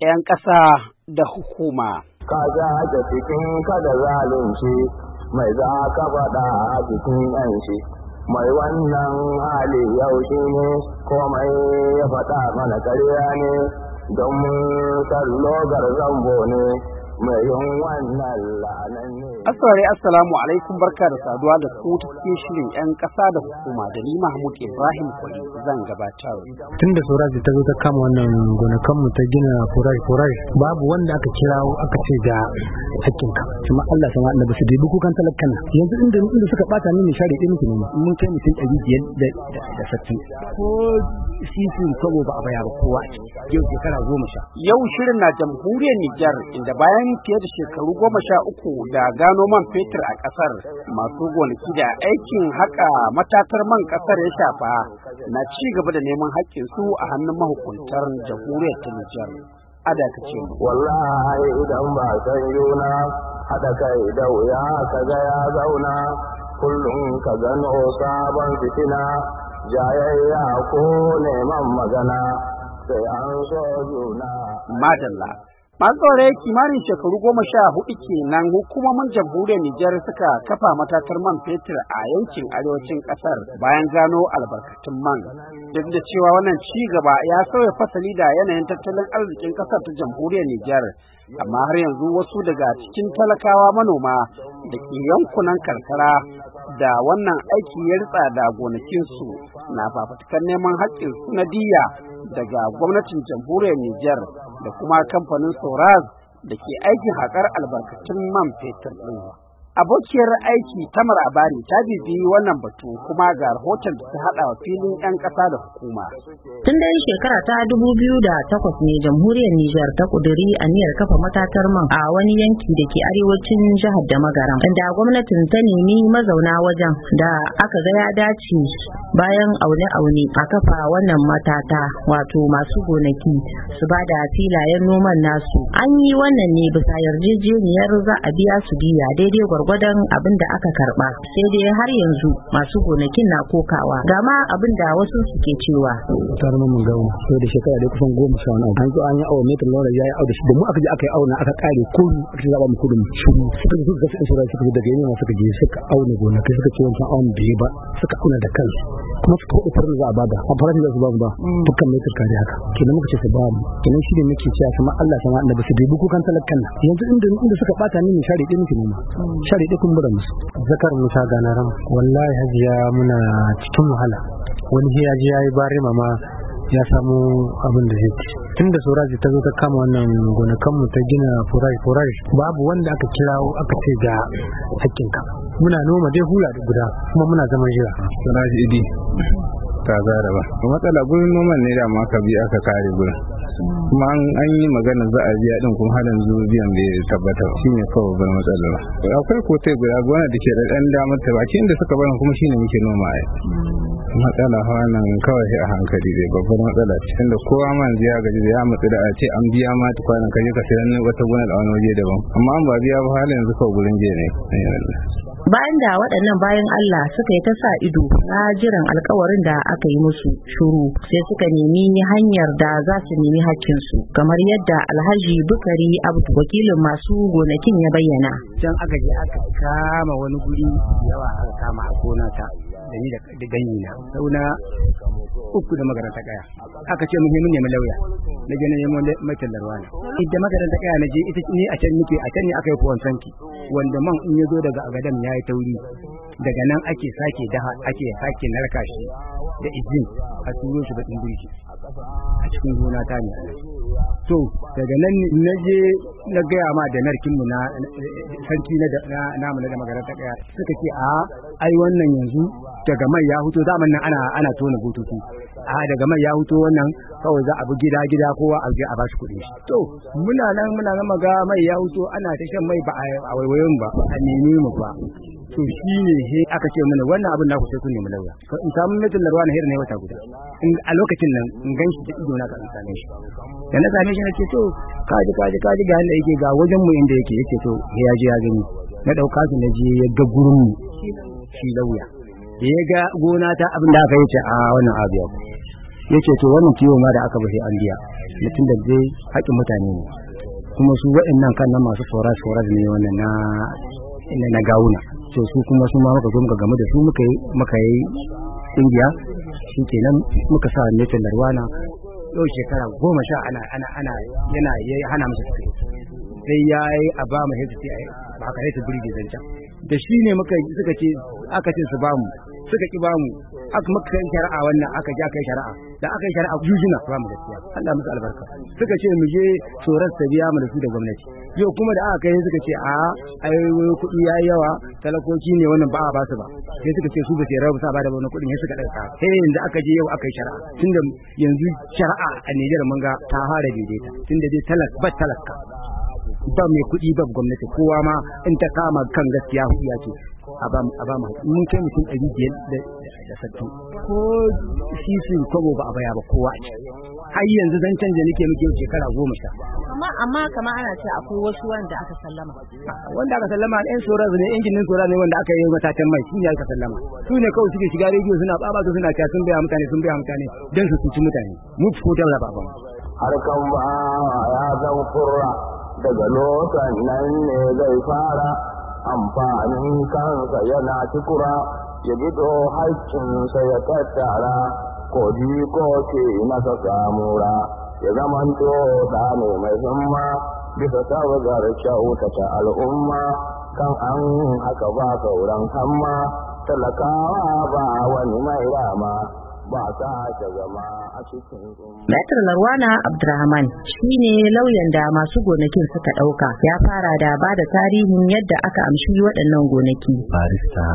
'yan ƙasa da hukuma. Ka za da cikin kada zalunci mai za ka faɗa a cikin yanci mai wannan hali shi ne komai ya faɗa mana karya ne don mun kallo garzan ne mai yin wannan la'anan Asare assalamu alaikum barka da saduwa da ku cikin shirin 'yan ƙasa da hukuma da ni Mahmud Ibrahim Kwali zan gabatar. Tun da Suraji ta zo ta kama wannan gonakanmu ta gina Furaj Furaj babu wanda aka kira aka ce ga hakkinka. Kuma Allah sama annabi su dai bukukan talakkan yanzu inda inda suka bata ni share ɗin miki ne mun kai mutum ɗari biyar da sattin. Ko sisin sabo ba a baya ba kowa yau shekara goma sha. Yau shirin na jamhuriyar Nijar inda bayan fiye da shekaru goma sha uku da gano noman fetur a ƙasar masu gonaki da aikin haƙa matatar man ƙasar ya shafa na ci gaba da neman su a hannun mahukuntar jamhuriyar ta Nijar. Ada ka ce Wallahi idan ba san yuna haɗa kai da wuya ka ga ya zauna kullum ka gano sabon fitina jayayya ko neman magana sai an so juna. Madalla. masu tsaurai kimanin shekaru goma sha hudu kenan hukumomin jamhuriyar Nijar suka kafa matakar man fetur a yankin arewacin kasar bayan gano albarkatun man duk da cewa wannan ci gaba ya sauya fasali da yanayin tattalin arzikin kasar ta jamhuriyar Nijar amma har yanzu wasu daga cikin talakawa manoma da ke yankunan karkara da wannan aiki ya ritsa da gonakinsu na fafutukar neman haƙƙinsu na daga gwamnatin jamhuriyar Nijar da kuma kamfanin Soraz da ke aikin haƙar albarkatun man fetur ɗin. Abokiyar aiki Tamar Abari ta bibi wannan batu kuma ga rahoton da ta hada filin 'yan ƙasa da hukuma. Tun dai shekara ta dubu biyu da takwas ne jamhuriyar Nijar ta a aniyar kafa matatar man a wani yanki da ke arewacin jihar da magaran Inda gwamnatin ta nemi mazauna wajen da aka ga ya dace bayan aune-aune a kafa wannan matata wato masu gonaki su ba da filayen noman nasu. An yi wannan ne bisa yarjejeniyar za a biya su biya daidai gwar gwagwadon abin da aka karba sai dai har yanzu masu gonakin na kokawa ga ma abin da wasu suke cewa tare mun gawo sai da shekara da kusan goma sha wani an zo an yi awo ne da lora yayi awo da shi da mu aka je aka yi awo na aka kare ko aka ce zaba mu kudin shuru suka zo da su insurance suka daga yana suka je suka auna gonakai suka ce wancan awon bai ba suka auna da kansu kuma suka hudu farin za a bada a farashin da su ba ba mm. dukkan metin kare haka kenan muka ce su ba mu kenan shi ne muke cewa kuma Allah sama Allah ba su dubi kukan talakkan yanzu inda inda suka bata ni ne share ɗin ki ne ma zakari da kumburan musu zakar musa ganaram wallahi hajiya muna cikin wahala wani ya yi ya bari mama ya samu abin da zai tun da ta zo ta kama wannan gonakanmu ta gina furaj furaj babu wanda aka kira aka ce ga hakkinka muna noma dai hula da guda kuma muna zaman jira soraji idi ta zara ba matsala gurin noman ne da ma aka bi kare gurin kuma an yi magana za a biya din kuma halin yanzu biyan bai tabbatar ne kawai bar matsalar akwai kotai guda gona da ke da dan damar ta bakin da suka bani kuma shi ne muke noma ai mm. matsala nan kawai a hankali dai babbar matsala ce inda kowa man ya gaji da ya matsu da a ce an biya ma tukwanin kaje ka sayan wata gona da wani waje daban amma an ba biya ba halin yanzu kawai gurin je ne bayan da waɗannan bayan Allah suka yi ta sa ido na jiran alkawarin da aka yi musu shuru sai suka nemi hanyar da za su nemi hakkinsu kamar yadda alhaji bukari abu wakilin masu gonakin ya bayyana can aka je aka kama wani guri yawa aka kama a gonata da da ganyi na sauna uku da makaranta kaya aka ce mun mun lauya na je na nemo larwana idan makaranta kaya na je ita ne a can nake a can ne aka yi kuwan sanki wanda man in ya zo daga agadan ya yi tauri daga nan ake sake daha ake sake narka shi da izin a turo shi bakin birki a cikin gona ta ne to daga nan na je na gaya ma da narkin mu na sarki na na na da magana ta kaya suka ce a ai wannan yanzu daga mai ya huto zaman nan ana ana tona bututu a daga mai ya huto wannan kawai za a bi gida gida kowa a je a bashi kuɗi to muna nan muna nan maga mai ya huto ana ta shan mai ba a waiwayon ba a nemi mu ba to ne he aka ce mana wannan abin naku sai kun nemi lauya in samu mijin larwa na hira ne wata guda a lokacin nan in gan shi da ido na ka same shi da na same shi na ce to kaji kaji kaji ga inda yake ga wajen mu inda yake yake to ya je ya gani na dauka su na je ya ga gurin mu shi lauya da ya ga gona ta abin da aka yi ce a wannan abu ya ce to wannan kiwo ma da aka bashi an biya mutum da zai haƙin mutane ne kuma su waɗannan kan nan masu foras foras ne wannan na na gawuna to su kuma su ma muka zo game da su muka yi muka yi kungiya shi kenan muka sa nufin Narwana yau shekara goma sha ana ana ana yana ya hana musu tafiya sai ya yi a ba mu hesitate a ba ka hesitate birge da shi ne muka suka ce aka ce su ba mu suka ki ba mu aka maka kai shari'a wannan aka ja kai shari'a da aka yi shari'a jujuna ba mu gaskiya Allah musu albarka suka ce mu je tsoron ta biya mu da su da gwamnati yau kuma da aka kai suka ce a ai wai kuɗi yayi yawa talakoki ne wannan ba a ba su ba sai suka ce su ba sai rabu sa ba da wannan kuɗi, sai suka ɗauka sai yanzu aka je yau aka yi shari'a tunda yanzu shari'a a Nijar mun ga ta hada daidaita tunda dai talak ba talaka ba mai kuɗi ba gwamnati kowa ma in ta kama kan gaskiya ya ce a ba mu mun kai mutum ɗari biyar da sattu ko sisin kwabo ba a baya ba kowa a ciki har yanzu zan canja nake muke shekara goma sha amma amma kamar ana ce akwai wasu wanda aka sallama wanda aka sallama ɗan tsoron ne injinin tsoron ne wanda aka yi matatan mai ne aka sallama su ne kawai suke shiga rediyo suna tsaba su suna cewa sun baya mutane sun baya mutane don su cuci mutane mu ko daura ba harkan ba ya zan kurra daga lokacin nan ne zai fara amfanin kansa yana cikura ya gido haƙƙinsa ya tattara ko ko ke masa samura ya zamanto da ne mai zama bisa kyauta ta al'umma kan an haka ba sauran hamma talakawa ba wani mai rama ba ta ta zama a cikin Maitar Larwana Abdurrahman ne lauyan da masu gonakin suka ɗauka ya fara da ba da tarihin yadda aka amshi waɗannan gonaki. Barista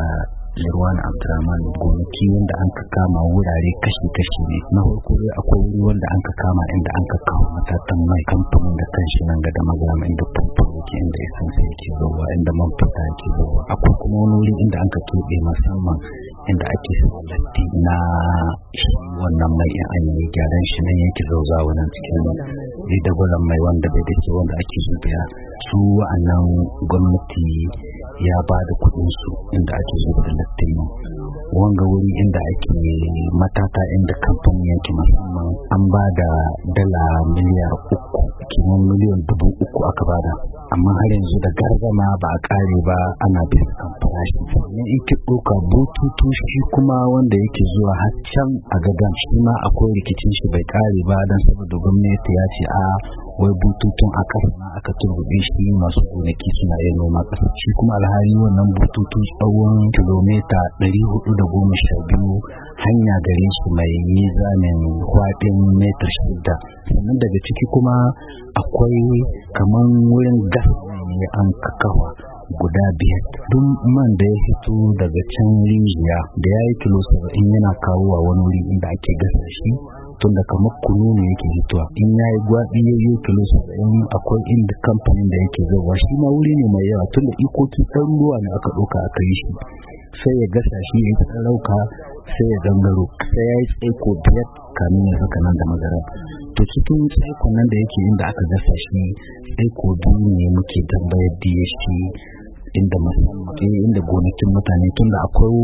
Lirwan Abdurrahman gonaki wanda an ka kama wurare kashi-kashi ne. Na farko dai akwai wuri wanda an ka kama inda an ka kawo matatan mai kamfanin da kan shi nan ga da magana inda pompo yake inda ya san sai yake zuwa inda man fita yake zuwa. Akwai kuma wani wuri inda an ka keɓe musamman lokacin da ake latti na shi wannan mai in an yi gyaran shi nan yake zauza wannan cikin ridagulan mai wanda bai ke wanda ake zubiya su wa'annan gwamnati ya ba da su inda ake zuba da lattin wanga wuri inda ake matata inda kamfanin yanki musamman an ba da dala miliyar uku kimon miliyan dubu uku aka ba da. amma har yanzu da gargama ba a kare ba ana bin kan farashin in ki ɗauka bututu shi kuma wanda yake zuwa har can a gadan shi ma akwai rikicin shi bai kare ba don saboda gwamnati ya ce a wai bututun a ƙasa na aka turbe shi masu gonaki suna iya noma ƙasa shi kuma alhali wannan bututu tsawon kilomita ɗari hudu da goma sha biyu hanya gare shi mai nizamin kwaɗin metar shida sannan daga ciki kuma akwai kaman wurin da ne an kakawa guda biyar duk man da ya fito daga can rijiya da ya yi kilo saba'in yana kawowa wani wuri inda ake gasa shi tun da kamar kunu ne yake fitowa in ya yi gwaɗi ya yi kilo saba'in akwai inda kamfanin da yake zauwa shi ma wuri ne mai yawa tun da ikoki ruwa ne aka ɗauka aka yi shi sai ya gasa shi ya ta rauka sai ya gangaro sai ya yi tsaiko biyar kamin ya saka nan da magaran to cikin tsaikon nan da yake inda aka gasa shi tsaiko biyu ne muke tambayar da inda musamman inda gonakin mutane tun da akwai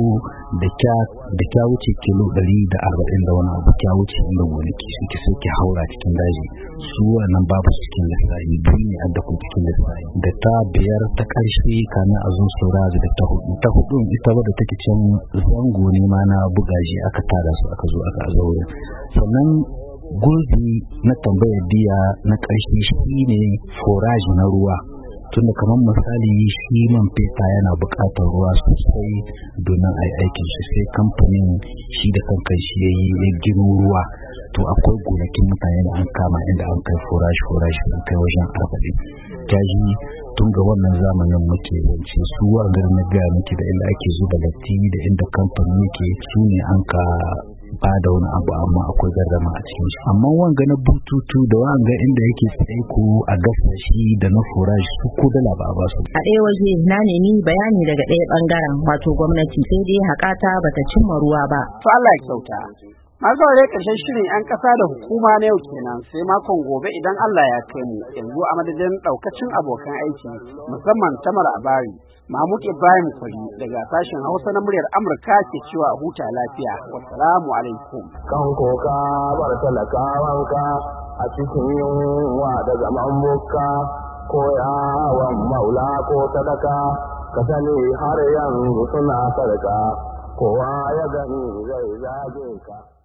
da kya wuce kilo ɗari da arba'in da wani abu kya wuce inda gonaki suke sai haura cikin daji su wannan babu cikin lissafi biyu ne a dako cikin lissafi da ta biyar ta ƙarshe kana a zun saura da ta hudu ta hudu ita ba da take can zango ne ma na bugaji aka tara su aka zo aka zaure sannan gurbi na tambayar biya na ƙarshe shi ne foraji na ruwa tunda kamar misali shi man fefa yana buƙatar ruwa sosai domin a yi aikin shi sai kamfanin shi da kankan shi ya yi ya gino ruwa to akwai gonakin mutane da an kama inda an kai forashi forashi an kai wajen arba'in jaji tun ga wannan zamanin muke wance su a garin na gaya muke da inda ake zuba latti da inda kamfanin yake su ne an ka ba da wani abu amma akwai gardama a cikin shi amma wanga na bututu da wanga inda yake tsaye ko a gasa shi da na forage su ko da ba ba su a ɗaya waje na nemi bayani daga ɗaya bangaren wato gwamnati sai dai hakata ta cimma ruwa ba to Allah ya kyauta masu aure ƙarshen shirin 'yan ƙasa da hukuma na yau kenan sai makon gobe idan Allah ya kai mu yanzu a madadin ɗaukacin abokan aiki musamman tamar abari Mahmud Ibrahim Kwari daga sashen Hausa na muryar Amurka ke cewa huta lafiya. Wassalamu alaikum. Kan koka bar talakawanka a cikin yunwa da zaman ko yawon maula ko sadaka ka sani har yanzu suna sarka kowa ya gani zai zage ka.